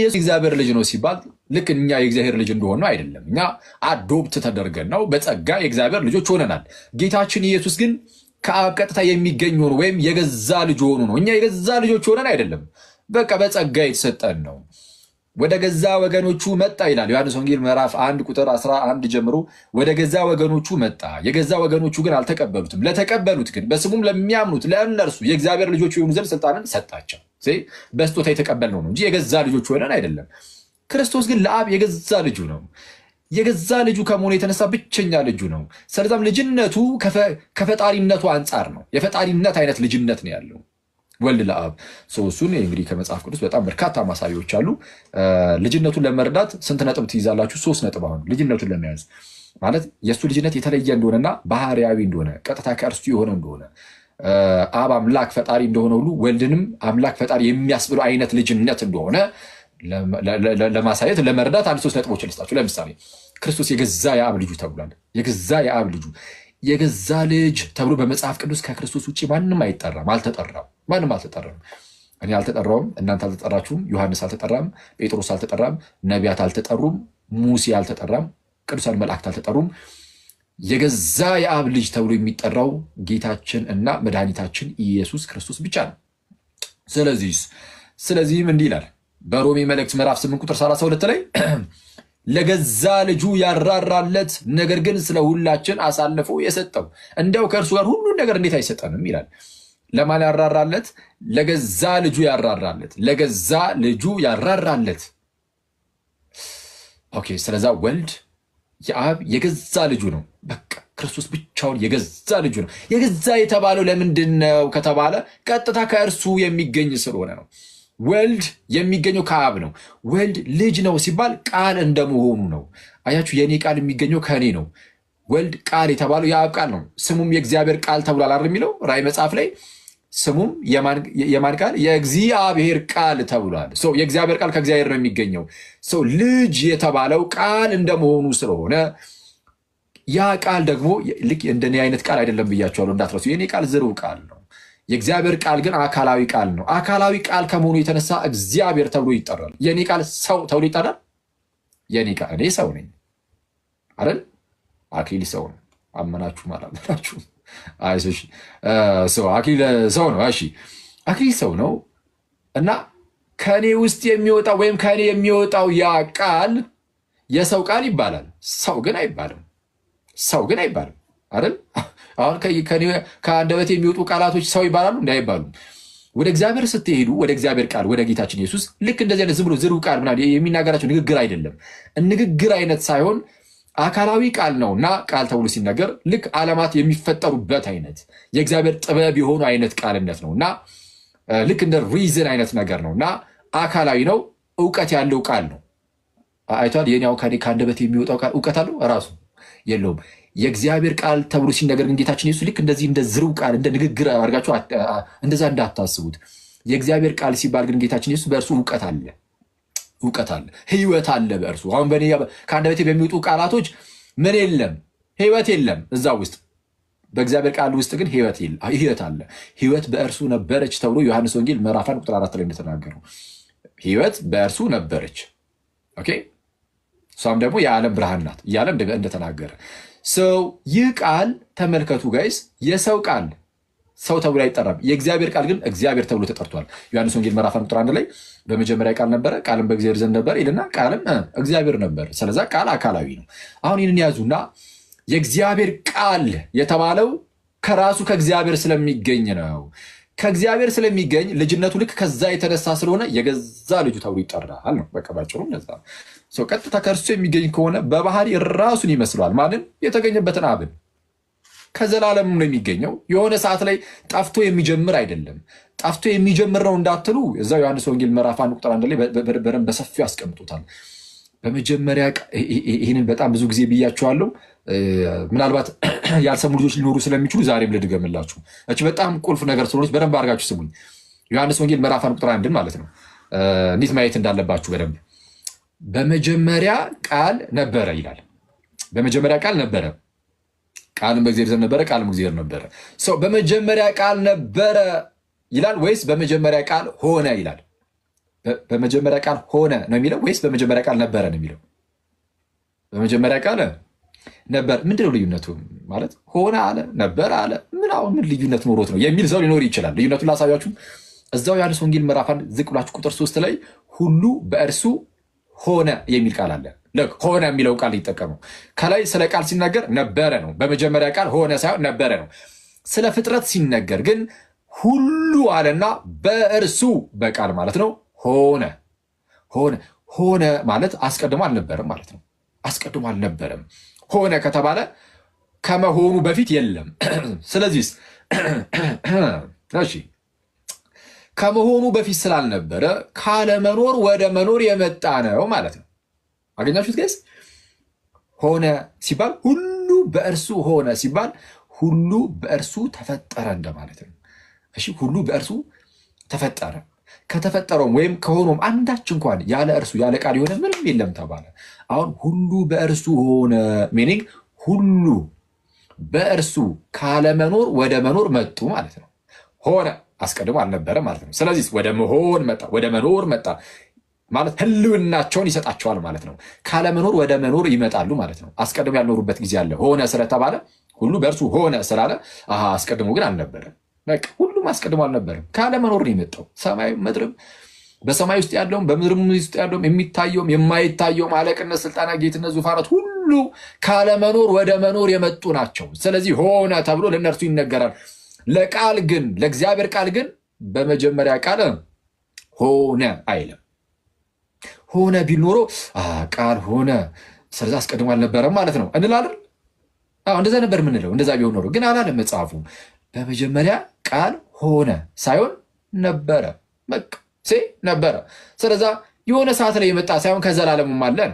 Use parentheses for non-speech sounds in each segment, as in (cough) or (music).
ኢየሱስ እግዚአብሔር ልጅ ነው ሲባል ልክ እኛ የእግዚአብሔር ልጅ እንደሆነ አይደለም። እኛ አዶብት ተደርገን ነው፣ በጸጋ የእግዚአብሔር ልጆች ሆነናል። ጌታችን ኢየሱስ ግን ከአብ ቀጥታ የሚገኝ ሆኖ ወይም የገዛ ልጅ ሆኖ ነው። እኛ የገዛ ልጆች ሆነን አይደለም፣ በቃ በጸጋ የተሰጠን ነው። ወደ ገዛ ወገኖቹ መጣ ይላል ዮሐንስ ወንጌል ምዕራፍ አንድ ቁጥር አንድ ጀምሮ ወደ ገዛ ወገኖቹ መጣ፣ የገዛ ወገኖቹ ግን አልተቀበሉትም። ለተቀበሉት ግን በስሙም ለሚያምኑት ለእነርሱ የእግዚአብሔር ልጆች የሆኑ ዘንድ ስልጣንን ሰጣቸው። በስጦታ የተቀበልነው ነው እንጂ የገዛ ልጆች ሆነን አይደለም። ክርስቶስ ግን ለአብ የገዛ ልጁ ነው። የገዛ ልጁ ከመሆኑ የተነሳ ብቸኛ ልጁ ነው። ስለዚም ልጅነቱ ከፈጣሪነቱ አንጻር ነው። የፈጣሪነት አይነት ልጅነት ነው ያለው ወልድ ለአብ እሱን እንግዲህ ከመጽሐፍ ቅዱስ በጣም በርካታ ማሳቢዎች አሉ። ልጅነቱን ለመረዳት ስንት ነጥብ ትይዛላችሁ? ሶስት ነጥብ። አሁን ልጅነቱን ለመያዝ ማለት የእሱ ልጅነት የተለየ እንደሆነና ባህርያዊ እንደሆነ ቀጥታ ከእርሱ የሆነ እንደሆነ አብ አምላክ ፈጣሪ እንደሆነ ሁሉ ወልድንም አምላክ ፈጣሪ የሚያስብሉ አይነት ልጅነት እንደሆነ ለማሳየት ለመረዳት አንድ ሶስት ነጥቦች ልስጣችሁ። ለምሳሌ ክርስቶስ የገዛ የአብ ልጁ ተብሏል። የገዛ የአብ ልጁ የገዛ ልጅ ተብሎ በመጽሐፍ ቅዱስ ከክርስቶስ ውጭ ማንም አይጠራም፣ አልተጠራም። ማንም አልተጠራም። እኔ አልተጠራውም፣ እናንተ አልተጠራችሁም፣ ዮሐንስ አልተጠራም፣ ጴጥሮስ አልተጠራም፣ ነቢያት አልተጠሩም፣ ሙሴ አልተጠራም፣ ቅዱሳን መላእክት አልተጠሩም። የገዛ የአብ ልጅ ተብሎ የሚጠራው ጌታችን እና መድኃኒታችን ኢየሱስ ክርስቶስ ብቻ ነው። ስለዚህ ስለዚህም እንዲህ ይላል በሮሜ መልእክት ምዕራፍ 8 ቁጥር 32 ላይ (clears throat) ለገዛ ልጁ ያራራለት ነገር ግን ስለ ሁላችን አሳልፎ የሰጠው እንደው ከእርሱ ጋር ሁሉን ነገር እንዴት አይሰጠንም ይላል። ለማን ያራራለት? ለገዛ ልጁ ያራራለት፣ ለገዛ ልጁ ያራራለት። ኦኬ ስለዛ ወልድ የአብ የገዛ ልጁ ነው። በቃ ክርስቶስ ብቻውን የገዛ ልጁ ነው። የገዛ የተባለው ለምንድን ነው ከተባለ ቀጥታ ከእርሱ የሚገኝ ስለሆነ ነው። ወልድ የሚገኘው ከአብ ነው። ወልድ ልጅ ነው ሲባል ቃል እንደመሆኑ ነው። አያችሁ፣ የእኔ ቃል የሚገኘው ከእኔ ነው። ወልድ ቃል የተባለው የአብ ቃል ነው። ስሙም የእግዚአብሔር ቃል ተብሏል አይደል የሚለው ራእይ መጽሐፍ ላይ ስሙም የማን ቃል? የእግዚአብሔር ቃል ተብሏል። የእግዚአብሔር ቃል ከእግዚአብሔር ነው የሚገኘው። ሰው ልጅ የተባለው ቃል እንደመሆኑ ስለሆነ ያ ቃል ደግሞ ልክ እንደኔ አይነት ቃል አይደለም ብያቸዋለሁ፣ እንዳትረሱ። የኔ ቃል ዝርው ቃል ነው። የእግዚአብሔር ቃል ግን አካላዊ ቃል ነው። አካላዊ ቃል ከመሆኑ የተነሳ እግዚአብሔር ተብሎ ይጠራል። የኔ ቃል ሰው ተብሎ ይጠራል። የኔ ቃል እኔ ሰው ነኝ አይደል? አክሊል ሰው ነው። አመናችሁም አላመናችሁም አይዞሽ ሰው አክሊለ ሰው ነው። እሺ አክሊል ሰው ነው እና ከእኔ ውስጥ የሚወጣው ወይም ከእኔ የሚወጣው ያ ቃል የሰው ቃል ይባላል። ሰው ግን አይባልም። ሰው ግን አይባልም አይደል? አሁን ከአንደበት የሚወጡ ቃላቶች ሰው ይባላሉ? እንዲ አይባሉም። ወደ እግዚአብሔር ስትሄዱ ወደ እግዚአብሔር ቃል ወደ ጌታችን ኢየሱስ ልክ እንደዚህ አይነት ዝም ብሎ ዝርው ቃል ምናምን የሚናገራቸው ንግግር አይደለም። ንግግር አይነት ሳይሆን አካላዊ ቃል ነው እና ቃል ተብሎ ሲነገር ልክ ዓለማት የሚፈጠሩበት አይነት የእግዚአብሔር ጥበብ የሆኑ አይነት ቃልነት ነው እና ልክ እንደ ሪዝን አይነት ነገር ነው እና አካላዊ ነው፣ እውቀት ያለው ቃል ነው። አይቷል የኒያው ከአንደበት የሚወጣው ቃል እውቀት አለው ራሱ የለውም። የእግዚአብሔር ቃል ተብሎ ሲነገር ግን ጌታችን ኢየሱስ ልክ እንደዚህ እንደ ዝርው ቃል እንደ ንግግር አድርጋችሁ እንደዛ እንዳታስቡት። የእግዚአብሔር ቃል ሲባል ግን ጌታችን ኢየሱስ በእርሱ እውቀት አለ። እውቀት አለ፣ ህይወት አለ በእርሱ። አሁን በእኔ ከአንደበቴ በሚወጡ ቃላቶች ምን የለም ህይወት የለም እዛ ውስጥ በእግዚአብሔር ቃል ውስጥ ግን ህይወት አለ። ህይወት በእርሱ ነበረች ተብሎ ዮሐንስ ወንጌል ምዕራፍ አንድ ቁጥር አራት ላይ እንደተናገረው ህይወት በእርሱ ነበረች፣ እሷም ደግሞ የዓለም ብርሃን ናት እያለም እንደተናገረ ሰው ይህ ቃል ተመልከቱ ጋይስ የሰው ቃል ሰው ተብሎ አይጠራም። የእግዚአብሔር ቃል ግን እግዚአብሔር ተብሎ ተጠርቷል። ዮሐንስ ወንጌል ምዕራፍ አንድ ቁጥር አንድ ላይ በመጀመሪያ ቃል ነበረ፣ ቃልም በእግዚአብሔር ዘንድ ነበር ይልና ቃልም እግዚአብሔር ነበር። ስለዛ ቃል አካላዊ ነው። አሁን ይህንን ያዙና የእግዚአብሔር ቃል የተባለው ከራሱ ከእግዚአብሔር ስለሚገኝ ነው። ከእግዚአብሔር ስለሚገኝ ልጅነቱ ልክ ከዛ የተነሳ ስለሆነ የገዛ ልጁ ተብሎ ይጠራል ነው። በቃ ባጭሩ ነው። ቀጥታ ከእርሱ የሚገኝ ከሆነ በባህሪ ራሱን ይመስለዋል። ማንን? የተገኘበትን አብን ከዘላለም ነው የሚገኘው። የሆነ ሰዓት ላይ ጠፍቶ የሚጀምር አይደለም። ጠፍቶ የሚጀምር ነው እንዳትሉ እዛ ዮሐንስ ወንጌል ምዕራፍ አንድ ቁጥር አንድ ላይ በደንብ በሰፊው ያስቀምጡታል። በመጀመሪያ ይህንን በጣም ብዙ ጊዜ ብያችኋለሁ። ምናልባት (clears throat) ያልሰሙ ልጆች ሊኖሩ ስለሚችሉ ዛሬም ልድገምላችሁ። እች በጣም ቁልፍ ነገር ስለሆነች በደንብ አድርጋችሁ ስሙኝ። ዮሐንስ ወንጌል ምዕራፍ አንድ ቁጥር አንድን ማለት ነው እንዴት ማየት እንዳለባችሁ በደንብ በመጀመሪያ ቃል ነበረ ይላል። በመጀመሪያ ቃል ነበረ ቃልም በእግዚአብሔር ዘንድ ነበረ፣ ቃልም እግዚአብሔር ነበረ። ሰው በመጀመሪያ ቃል ነበረ ይላል ወይስ በመጀመሪያ ቃል ሆነ ይላል? በመጀመሪያ ቃል ሆነ ነው የሚለው ወይስ በመጀመሪያ ቃል ነበረ ነው የሚለው? በመጀመሪያ ቃል ነበር። ምንድን ነው ልዩነቱ? ማለት ሆነ አለ ነበር አለ ምን አሁን ምን ልዩነት ኖሮት ነው የሚል ሰው ሊኖር ይችላል። ልዩነቱን ላሳያችሁም እዛው ዮሐንስ ወንጌል ምዕራፍ አንድ ዝቅ ብላችሁ ቁጥር ሶስት ላይ ሁሉ በእርሱ ሆነ የሚል ቃል አለ። ሆነ የሚለው ቃል ይጠቀሙ። ከላይ ስለ ቃል ሲናገር ነበረ ነው። በመጀመሪያ ቃል ሆነ ሳይሆን ነበረ ነው። ስለ ፍጥረት ሲነገር ግን ሁሉ አለና በእርሱ በቃል ማለት ነው ሆነ ሆነ ሆነ ማለት አስቀድሞ አልነበረም ማለት ነው። አስቀድሞ አልነበረም። ሆነ ከተባለ ከመሆኑ በፊት የለም። (clears throat) ስለዚህ (clears throat) ከመሆኑ በፊት ስላልነበረ ካለመኖር ወደ መኖር የመጣ ነው ማለት ነው። አገኛችሁት ጋይስ? ሆነ ሲባል ሁሉ በእርሱ ሆነ ሲባል ሁሉ በእርሱ ተፈጠረ እንደማለት ነው። እሺ ሁሉ በእርሱ ተፈጠረ። ከተፈጠረውም ወይም ከሆኖም አንዳች እንኳን ያለ እርሱ ያለ ቃል የሆነ ምንም የለም ተባለ። አሁን ሁሉ በእርሱ ሆነ ሚኒንግ ሁሉ በእርሱ ካለመኖር ወደ መኖር መጡ ማለት ነው። ሆነ አስቀድሞ አልነበረ ማለት ነው። ስለዚህ ወደ መሆን መጣ፣ ወደ መኖር መጣ። ማለት ህልውናቸውን ይሰጣቸዋል ማለት ነው። ካለመኖር ወደ መኖር ይመጣሉ ማለት ነው። አስቀድሞ ያልኖሩበት ጊዜ አለ። ሆነ ስለተባለ ሁሉ በእርሱ ሆነ ስላለ አስቀድሞ ግን አልነበረም። በቃ ሁሉም አስቀድሞ አልነበረም። ካለመኖር ነው የመጣው። ሰማይ ምድርም በሰማይ ውስጥ ያለውም በምድርም ውስጥ ያለውም የሚታየውም የማይታየውም አለቅነት፣ ስልጣና፣ ጌትነት፣ ዙፋናት ሁሉ ካለመኖር ወደ መኖር የመጡ ናቸው። ስለዚህ ሆነ ተብሎ ለእነርሱ ይነገራል። ለቃል ግን ለእግዚአብሔር ቃል ግን በመጀመሪያ ቃል ሆነ አይልም። ሆነ ቢል ኖሮ ቃል ሆነ፣ ስለዚ አስቀድሞ አልነበረም ማለት ነው እንላለን። እንደዛ ነበር የምንለው እንደዛ ቢሆን ኖሮ ግን አላለም መጽሐፉ። በመጀመሪያ ቃል ሆነ ሳይሆን ነበረ መቅ ሴ ነበረ። ስለዛ የሆነ ሰዓት ላይ የመጣ ሳይሆን ከዘላለም አለን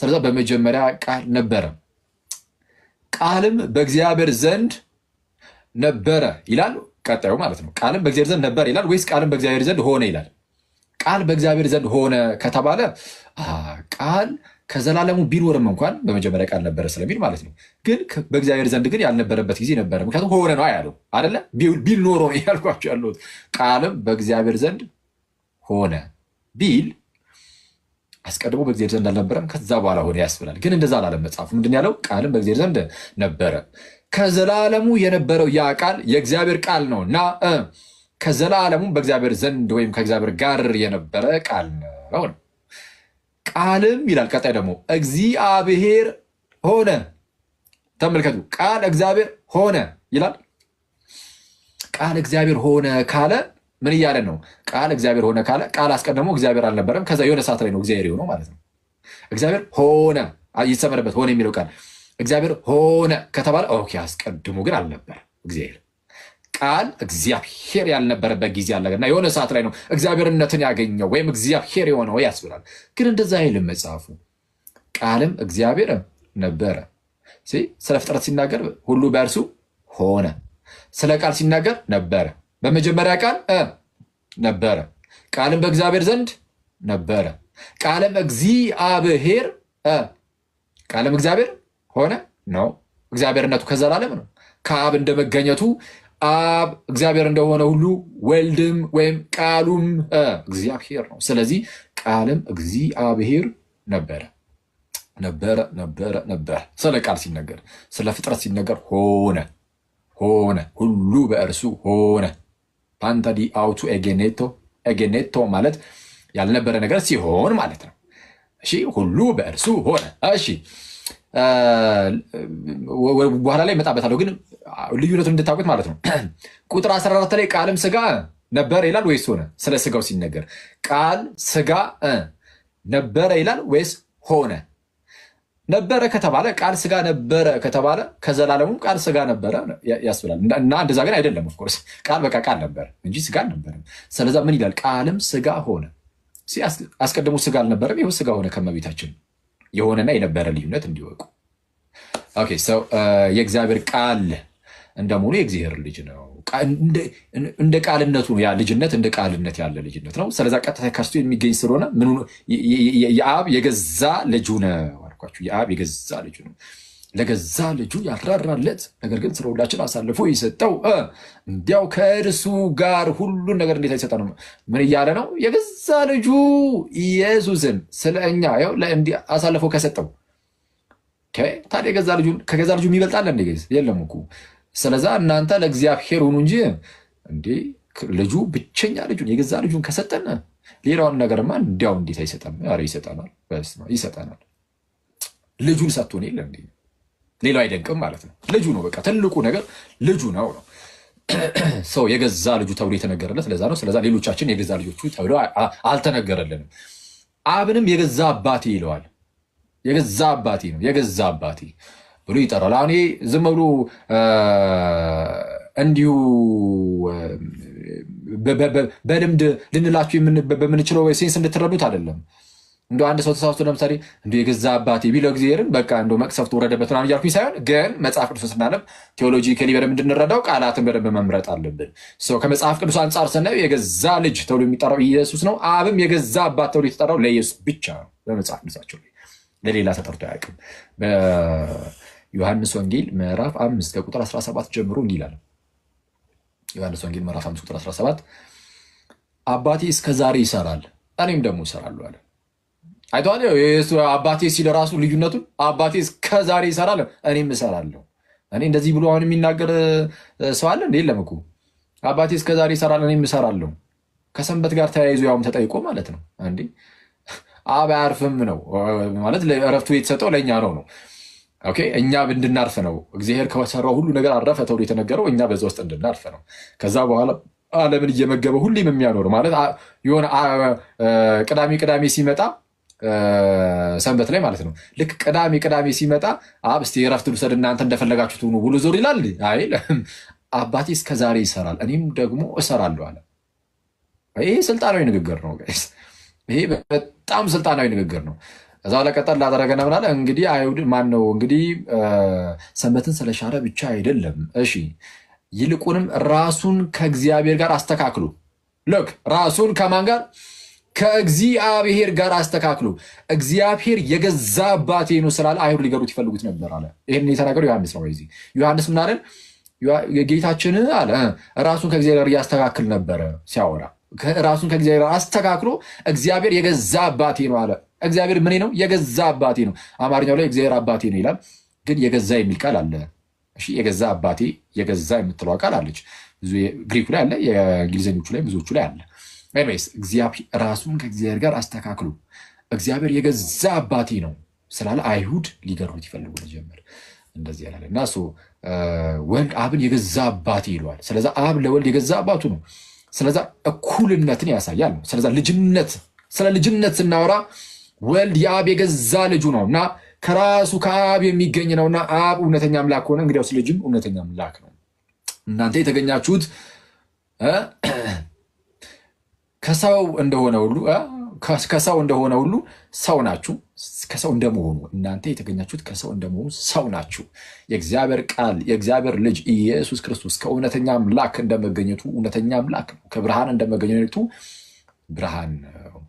ስለዛ በመጀመሪያ ቃል ነበረ፣ ቃልም በእግዚአብሔር ዘንድ ነበረ ይላል። ቀጣዩ ማለት ነው ቃልም በእግዚአብሔር ዘንድ ነበረ ይላል ወይስ ቃልም በእግዚአብሔር ዘንድ ሆነ ይላል? ቃል በእግዚአብሔር ዘንድ ሆነ ከተባለ ቃል ከዘላለሙ ቢኖርም እንኳን በመጀመሪያ ቃል ነበረ ስለሚል ማለት ነው። ግን በእግዚአብሔር ዘንድ ግን ያልነበረበት ጊዜ ነበረ። ምክንያቱም ሆነ ነው ያለው አደለ? ቢል ኖሮ ነው ያልኳቸው ያሉት። ቃልም በእግዚአብሔር ዘንድ ሆነ ቢል አስቀድሞ በእግዚአብሔር ዘንድ አልነበረም፣ ከዛ በኋላ ሆነ ያስብላል። ግን እንደዛ አላለም መጽሐፉ። ምንድን ያለው? ቃልም በእግዚአብሔር ዘንድ ነበረ። ከዘላለሙ የነበረው ያ ቃል የእግዚአብሔር ቃል ነው እና ከዘላለሙም በእግዚአብሔር ዘንድ ወይም ከእግዚአብሔር ጋር የነበረ ቃል ነው ቃልም ይላል። ቀጣይ ደግሞ እግዚአብሔር ሆነ። ተመልከቱ፣ ቃል እግዚአብሔር ሆነ ይላል። ቃል እግዚአብሔር ሆነ ካለ ምን እያለ ነው? ቃል እግዚአብሔር ሆነ ካለ ቃል አስቀድሞ እግዚአብሔር አልነበረም። ከዛ የሆነ ሰዓት ላይ ነው እግዚአብሔር የሆነው ማለት ነው። እግዚአብሔር ሆነ ይሰመርበት፣ ሆነ የሚለው ቃል እግዚአብሔር ሆነ ከተባለ ኦኬ፣ አስቀድሞ ግን አልነበረ እግዚአብሔር ቃል እግዚአብሔር ያልነበረበት ጊዜ አለ እና የሆነ ሰዓት ላይ ነው እግዚአብሔርነትን ያገኘው ወይም እግዚአብሔር የሆነው ያስብላል። ግን እንደዛ አይልም መጽሐፉ። ቃልም እግዚአብሔር ነበረ። ስለ ፍጥረት ሲናገር ሁሉ በእርሱ ሆነ። ስለ ቃል ሲናገር ነበረ። በመጀመሪያ ቃል ነበረ፣ ቃልም በእግዚአብሔር ዘንድ ነበረ፣ ቃልም እግዚአብሔር ቃልም እግዚአብሔር ሆነ ነው። እግዚአብሔርነቱ ከዘላለም ነው ከአብ እንደመገኘቱ አብ እግዚአብሔር እንደሆነ ሁሉ ወልድም ወይም ቃሉም እግዚአብሔር ነው። ስለዚህ ቃልም እግዚአብሔር ነበረ ነበረ ነበረ ነበረ። ስለ ቃል ሲነገር፣ ስለ ፍጥረት ሲነገር ሆነ ሆነ፣ ሁሉ በእርሱ ሆነ። ፓንታ ዲ አውቱ ኤጌኔቶ ኤጌኔቶ ማለት ያልነበረ ነገር ሲሆን ማለት ነው። እሺ፣ ሁሉ በእርሱ ሆነ። እሺ በኋላ ላይ እመጣበታለሁ። ግን ልዩነቱን እንድታውቁት ማለት ነው። (clears throat) ቁጥር 14 ላይ ቃልም ስጋ ነበረ ይላል ወይስ ሆነ? ስለ ስጋው ሲነገር ቃል ስጋ ነበረ ይላል ወይስ ሆነ? ነበረ ከተባለ ቃል ስጋ ነበረ ከተባለ ከዘላለሙ ቃል ስጋ ነበረ ያስብላል። እና እንደዛ ግን አይደለም። ኦፍኮርስ ቃል በቃ ቃል ነበረ እንጂ ስጋ አልነበረም። ስለዛ ምን ይላል? ቃልም ስጋ ሆነ። አስቀድሞ ስጋ አልነበረም፣ ይኸው ስጋ ሆነ ከመቤታችን የሆነና የነበረ ልዩነት እንዲወቁ። ኦኬ ሰው የእግዚአብሔር ቃል እንደመሆኑ የእግዚአብሔር ልጅ ነው። እንደ ቃልነቱ ያ ልጅነት እንደ ቃልነት ያለ ልጅነት ነው። ስለዛ ቀጥታ ከሱ የሚገኝ ስለሆነ የአብ የገዛ ልጁ ነው አልኳችሁ። የአብ የገዛ ልጁ ነው። ለገዛ ልጁ ያራራለት ነገር ግን ስለ ሁላችን አሳልፎ የሰጠው እንዲያው ከእርሱ ጋር ሁሉን ነገር እንዴት አይሰጠ ነው? ምን እያለ ነው? የገዛ ልጁ ኢየሱስን ስለ እኛ አሳልፎ ከሰጠው ታዲያ የገዛ ልጁ ከገዛ ልጁ የሚበልጣለ እንደ የለም እኮ። ስለዛ እናንተ ለእግዚአብሔር ሆኑ እንጂ እንዴ ልጁ ብቸኛ ልጁን የገዛ ልጁን ከሰጠን ሌላውን ነገርማ እንዲያው እንዴት አይሰጠም? ይሰጠናል፣ ይሰጠናል። ልጁን ሰጥቶን የለ ሌላው አይደንቅም ማለት ነው። ልጁ ነው በቃ ትልቁ ነገር ልጁ ነው ነው (clears throat) ሰው የገዛ ልጁ ተብሎ የተነገረለት ለዛ ነው። ስለዛ ሌሎቻችን የገዛ ልጆቹ ተብሎ አልተነገረልንም። አብንም የገዛ አባቴ ይለዋል። የገዛ አባቴ ነው የገዛ አባቴ ብሎ ይጠራል። አሁን ዝም ብሎ እንዲሁ በልምድ ልንላችሁ በምንችለው ሴንስ እንድትረዱት አይደለም። እንደ አንድ ሰው ተሳስቶ ለምሳሌ እንደ የገዛ አባቴ ቢለው እግዚአብሔርን በቃ እንደ መቅሰፍት ወረደበት ምናምን እያልኩኝ ሳይሆን፣ ግን መጽሐፍ ቅዱስ ስናነብ ቴዎሎጂ ከሊ በደንብ እንድንረዳው ቃላትን በደንብ መምረጥ አለብን። ከመጽሐፍ ቅዱስ አንጻር ስናየው የገዛ ልጅ ተብሎ የሚጠራው ኢየሱስ ነው። አብም የገዛ አባት ተብሎ የተጠራው ለኢየሱስ ብቻ ነው። በመጽሐፍ ቅዱሳቸው ላይ ለሌላ ተጠርቶ አያውቅም። በዮሐንስ ወንጌል ምዕራፍ አምስት ከቁጥር 17 ጀምሮ እንዲህ ይላል። ዮሐንስ ወንጌል ምዕራፍ አምስት ቁጥር 17 አባቴ እስከዛሬ ይሰራል፣ እኔም ደግሞ ይሰራሉ አለ አይተዋል። አባቴ ሲል ራሱ ልዩነቱን አባቴ እስከዛሬ ይሰራል፣ እኔም እሰራለሁ። እኔ እንደዚህ ብሎ አሁን የሚናገር ሰው አለ እንዴ? የለም እኮ አባቴ እስከዛሬ ይሰራል፣ እኔም እሰራለሁ። ከሰንበት ጋር ተያይዞ ያውም ተጠይቆ ማለት ነው። እንዴ አብ አያርፍም ነው ማለት እረፍቱ የተሰጠው ለእኛ ነው ነው ኦኬ እኛ እንድናርፍ ነው። እግዚአብሔር ከሰራው ሁሉ ነገር አረፈ ተብሎ የተነገረው እኛ በዛ ውስጥ እንድናርፍ ነው። ከዛ በኋላ ዓለምን እየመገበ ሁሌም የሚያኖር ማለት የሆነ ቅዳሜ ቅዳሜ ሲመጣ ሰንበት ላይ ማለት ነው። ልክ ቅዳሜ ቅዳሜ ሲመጣ አብ እስቲ እረፍት ልውሰድ እናንተ እንደፈለጋችሁ ትሆኑ ውሎ ዞር ይላል። አይ አባቴ እስከ ዛሬ ይሰራል እኔም ደግሞ እሰራለሁ አለ። ይሄ ስልጣናዊ ንግግር ነው። ይሄ በጣም ስልጣናዊ ንግግር ነው። እዛ ለቀጠል ላደረገና ምናለ እንግዲህ አይሁድ ማን ነው እንግዲህ ሰንበትን ስለሻረ ብቻ አይደለም። እሺ ይልቁንም ራሱን ከእግዚአብሔር ጋር አስተካክሉ። ልክ ራሱን ከማን ጋር ከእግዚአብሔር ጋር አስተካክሉ። እግዚአብሔር የገዛ አባቴ ነው ስላለ አይሁድ ሊገሩት ይፈልጉት ነበር አለ። ይህን የተናገረው ዮሐንስ ነው። ዚህ ዮሐንስ ምናለን አለን? ጌታችን አለ ራሱን ከእግዚአብሔር ጋር እያስተካክል ነበረ ሲያወራ ራሱን ከእግዚአብሔር አስተካክሎ እግዚአብሔር የገዛ አባቴ ነው አለ። እግዚአብሔር ምን ነው? የገዛ አባቴ ነው። አማርኛው ላይ እግዚአብሔር አባቴ ነው ይላል፣ ግን የገዛ የሚል ቃል አለ። የገዛ አባቴ የገዛ የምትለዋ ቃል አለች። ብዙ ግሪኩ ላይ አለ፣ የእንግሊዝኞቹ ላይ ብዙዎቹ ላይ አለ። ኤኒዌይስ እግዚአብሔር ራሱን ከእግዚአብሔር ጋር አስተካክሉ። እግዚአብሔር የገዛ አባቴ ነው ስላለ አይሁድ ሊገሩት ይፈልጉ ጀመር። እንደዚህ ያላል እና ወልድ አብን የገዛ አባቴ ይለዋል። ስለዚ አብ ለወልድ የገዛ አባቱ ነው። ስለዚ እኩልነትን ያሳያል ነው። ስለዚ ልጅነት ስለ ልጅነት ስናወራ ወልድ የአብ የገዛ ልጁ ነው እና ከራሱ ከአብ የሚገኝ ነው እና አብ እውነተኛ አምላክ ሆነ። እንግዲያውስ ልጅም እውነተኛ አምላክ ነው። እናንተ የተገኛችሁት ከሰው እንደሆነ ሁሉ ከሰው እንደሆነ ሁሉ ሰው ናችሁ። ከሰው እንደመሆኑ እናንተ የተገኛችሁት ከሰው እንደመሆኑ ሰው ናችሁ። የእግዚአብሔር ቃል የእግዚአብሔር ልጅ ኢየሱስ ክርስቶስ ከእውነተኛ አምላክ እንደመገኘቱ እውነተኛ አምላክ ነው። ከብርሃን እንደመገኘቱ ብርሃን ነው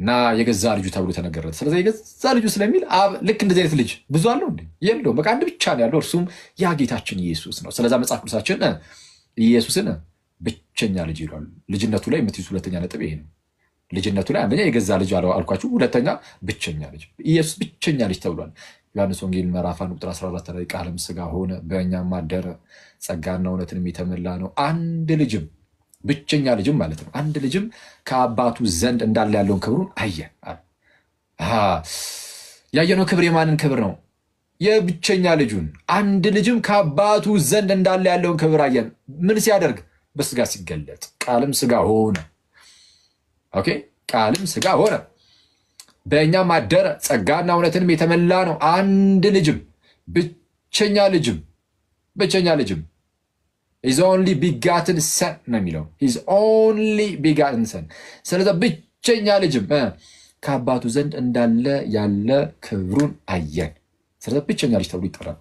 እና የገዛ ልጁ ተብሎ ተነገረ። ስለዚህ የገዛ ልጁ ስለሚል አብ ልክ እንደዚህ አይነት ልጅ ብዙ አለው እንዴ? የለውም። በቃ አንድ ብቻ ነው ያለው፣ እርሱም ያ ጌታችን ኢየሱስ ነው። ስለዚ መጽሐፍ ቅዱሳችን ኢየሱስን ብቸኛ ልጅ ይሏል። ልጅነቱ ላይ የምትይዙ ሁለተኛ ነጥብ ይሄ ነው። ልጅነቱ ላይ አንደኛ የገዛ ልጅ አልኳችሁ፣ ሁለተኛ ብቸኛ ልጅ። ኢየሱስ ብቸኛ ልጅ ተብሏል። ዮሐንስ ወንጌል ምዕራፍ አንድ ቁጥር 14 ላይ ቃልም ስጋ ሆነ በእኛ ማደረ ጸጋና እውነትን የተመላ ነው። አንድ ልጅም ብቸኛ ልጅም ማለት ነው። አንድ ልጅም ከአባቱ ዘንድ እንዳለ ያለውን ክብሩን አየ። ያየነው ክብር የማንን ክብር ነው? የብቸኛ ልጁን። አንድ ልጅም ከአባቱ ዘንድ እንዳለ ያለውን ክብር አየን። ምን ሲያደርግ በስጋ ሲገለጥ ቃልም ስጋ ሆነ። ኦኬ ቃልም ስጋ ሆነ፣ በእኛም አደረ፣ ጸጋና እውነትንም የተመላ ነው። አንድ ልጅም ብቸኛ ልጅም ብቸኛ ልጅም ሂዝ ኦንሊ ቢጋትን ሰን ነው የሚለው። ሂዝ ኦንሊ ቢጋትን ሰን። ስለዚ ብቸኛ ልጅም ከአባቱ ዘንድ እንዳለ ያለ ክብሩን አየን። ስለዚ ብቸኛ ልጅ ተብሎ ይጠራል።